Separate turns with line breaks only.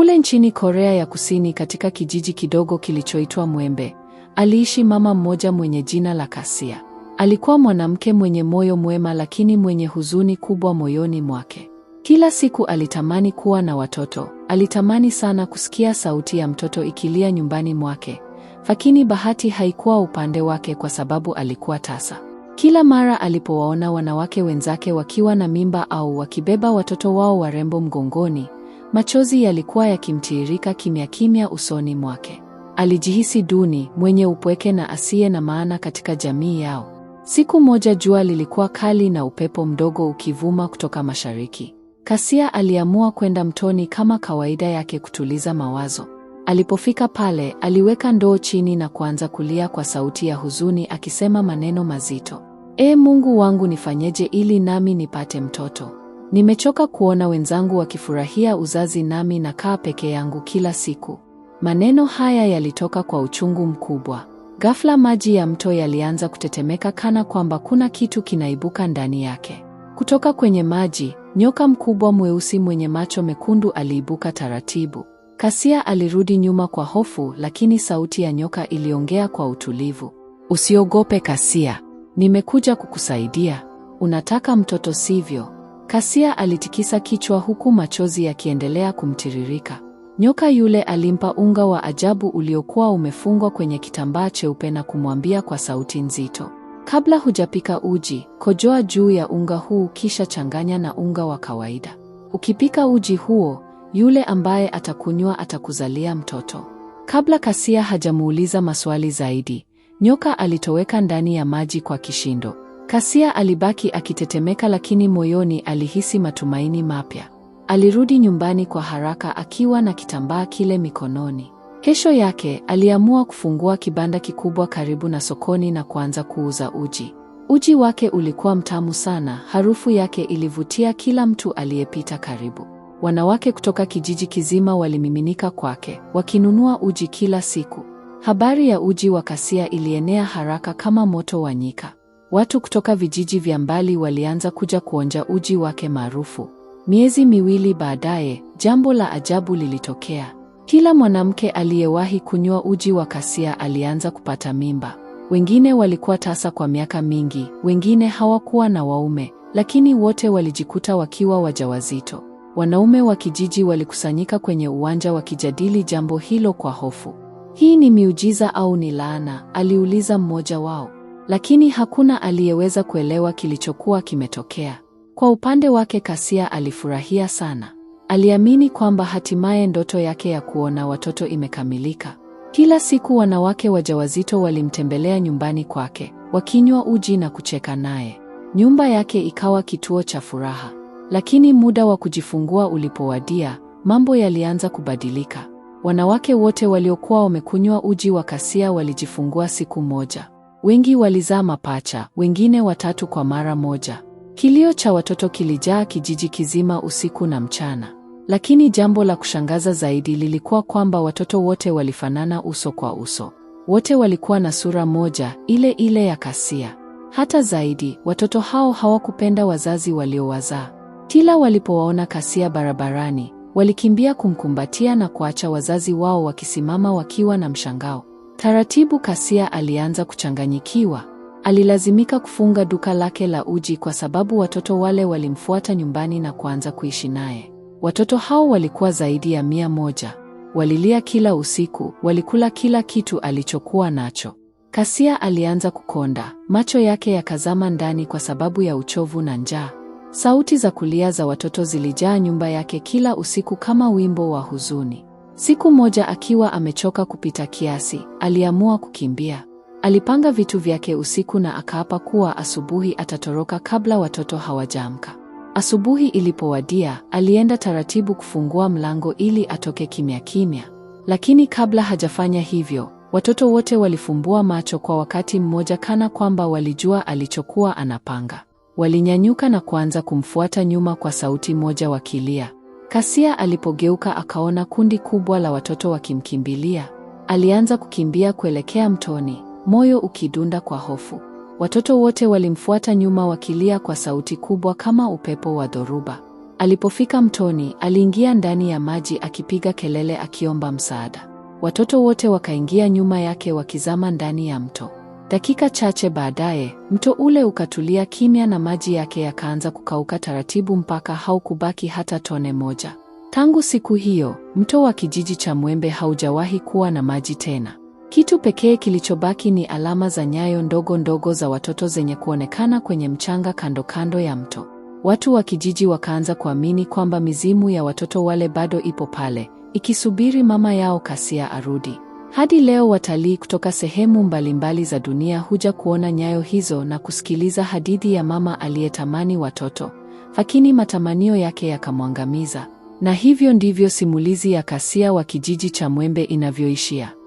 Kule nchini Korea ya Kusini, katika kijiji kidogo kilichoitwa Mwembe, aliishi mama mmoja mwenye jina la Kasia. Alikuwa mwanamke mwenye moyo mwema, lakini mwenye huzuni kubwa moyoni mwake. Kila siku alitamani kuwa na watoto. Alitamani sana kusikia sauti ya mtoto ikilia nyumbani mwake, lakini bahati haikuwa upande wake kwa sababu alikuwa tasa. Kila mara alipowaona wanawake wenzake wakiwa na mimba au wakibeba watoto wao warembo mgongoni Machozi yalikuwa yakimtiririka kimya kimya usoni mwake. Alijihisi duni, mwenye upweke na asiye na maana katika jamii yao. Siku moja jua lilikuwa kali na upepo mdogo ukivuma kutoka mashariki. Kasia aliamua kwenda mtoni kama kawaida yake kutuliza mawazo. Alipofika pale, aliweka ndoo chini na kuanza kulia kwa sauti ya huzuni akisema maneno mazito. Ee Mungu wangu, nifanyeje ili nami nipate mtoto? Nimechoka kuona wenzangu wakifurahia uzazi nami nakaa peke yangu kila siku. Maneno haya yalitoka kwa uchungu mkubwa. Ghafla maji ya mto yalianza kutetemeka kana kwamba kuna kitu kinaibuka ndani yake. Kutoka kwenye maji, nyoka mkubwa mweusi mwenye macho mekundu aliibuka taratibu. Kasia alirudi nyuma kwa hofu, lakini sauti ya nyoka iliongea kwa utulivu. Usiogope Kasia, nimekuja kukusaidia. Unataka mtoto sivyo? Kasia alitikisa kichwa huku machozi yakiendelea kumtiririka. Nyoka yule alimpa unga wa ajabu uliokuwa umefungwa kwenye kitambaa cheupe na kumwambia kwa sauti nzito, kabla hujapika uji, kojoa juu ya unga huu kisha changanya na unga wa kawaida. Ukipika uji huo, yule ambaye atakunywa atakuzalia mtoto. Kabla Kasia hajamuuliza maswali zaidi, nyoka alitoweka ndani ya maji kwa kishindo. Kasia alibaki akitetemeka, lakini moyoni alihisi matumaini mapya. Alirudi nyumbani kwa haraka akiwa na kitambaa kile mikononi. Kesho yake aliamua kufungua kibanda kikubwa karibu na sokoni na kuanza kuuza uji. Uji wake ulikuwa mtamu sana, harufu yake ilivutia kila mtu aliyepita karibu. Wanawake kutoka kijiji kizima walimiminika kwake, wakinunua uji kila siku. Habari ya uji wa Kasia ilienea haraka kama moto wa nyika watu kutoka vijiji vya mbali walianza kuja kuonja uji wake maarufu. Miezi miwili baadaye, jambo la ajabu lilitokea. Kila mwanamke aliyewahi kunywa uji wa kasia alianza kupata mimba. Wengine walikuwa tasa kwa miaka mingi, wengine hawakuwa na waume, lakini wote walijikuta wakiwa wajawazito. Wanaume wa kijiji walikusanyika kwenye uwanja wakijadili jambo hilo kwa hofu. Hii ni miujiza au ni laana? aliuliza mmoja wao lakini hakuna aliyeweza kuelewa kilichokuwa kimetokea. Kwa upande wake, Kasia alifurahia sana. Aliamini kwamba hatimaye ndoto yake ya kuona watoto imekamilika. Kila siku wanawake wajawazito walimtembelea nyumbani kwake, wakinywa uji na kucheka naye. Nyumba yake ikawa kituo cha furaha. Lakini muda wa kujifungua ulipowadia, mambo yalianza kubadilika. Wanawake wote waliokuwa wamekunywa uji wa Kasia walijifungua siku moja. Wengi walizaa mapacha, wengine watatu kwa mara moja. Kilio cha watoto kilijaa kijiji kizima usiku na mchana. Lakini jambo la kushangaza zaidi lilikuwa kwamba watoto wote walifanana uso kwa uso. Wote walikuwa na sura moja, ile ile ya Kasia. Hata zaidi, watoto hao hawakupenda wazazi waliowazaa. Kila walipowaona Kasia barabarani, walikimbia kumkumbatia na kuacha wazazi wao wakisimama wakiwa na mshangao. Taratibu Kasia alianza kuchanganyikiwa. Alilazimika kufunga duka lake la uji kwa sababu watoto wale walimfuata nyumbani na kuanza kuishi naye. Watoto hao walikuwa zaidi ya mia moja. Walilia kila usiku, walikula kila kitu alichokuwa nacho. Kasia alianza kukonda, macho yake yakazama ndani kwa sababu ya uchovu na njaa. Sauti za kulia za watoto zilijaa nyumba yake kila usiku kama wimbo wa huzuni. Siku moja akiwa amechoka kupita kiasi, aliamua kukimbia. Alipanga vitu vyake usiku na akaapa kuwa asubuhi atatoroka kabla watoto hawajaamka. Asubuhi ilipowadia, alienda taratibu kufungua mlango ili atoke kimya kimya. Lakini kabla hajafanya hivyo, watoto wote walifumbua macho kwa wakati mmoja kana kwamba walijua alichokuwa anapanga. Walinyanyuka na kuanza kumfuata nyuma kwa sauti moja wakilia. Kasia alipogeuka akaona kundi kubwa la watoto wakimkimbilia. Alianza kukimbia kuelekea mtoni, moyo ukidunda kwa hofu. Watoto wote walimfuata nyuma wakilia kwa sauti kubwa kama upepo wa dhoruba. Alipofika mtoni, aliingia ndani ya maji akipiga kelele akiomba msaada. Watoto wote wakaingia nyuma yake wakizama ndani ya mto. Dakika chache baadaye, mto ule ukatulia kimya na maji yake yakaanza kukauka taratibu mpaka haukubaki hata tone moja. Tangu siku hiyo, mto wa kijiji cha Mwembe haujawahi kuwa na maji tena. Kitu pekee kilichobaki ni alama za nyayo ndogo ndogo za watoto zenye kuonekana kwenye mchanga kando kando ya mto. Watu wa kijiji wakaanza kuamini kwamba mizimu ya watoto wale bado ipo pale, ikisubiri mama yao Kasia arudi. Hadi leo watalii kutoka sehemu mbalimbali za dunia huja kuona nyayo hizo na kusikiliza hadithi ya mama aliyetamani watoto, lakini matamanio yake yakamwangamiza. Na hivyo ndivyo simulizi ya kasia wa kijiji cha Mwembe inavyoishia.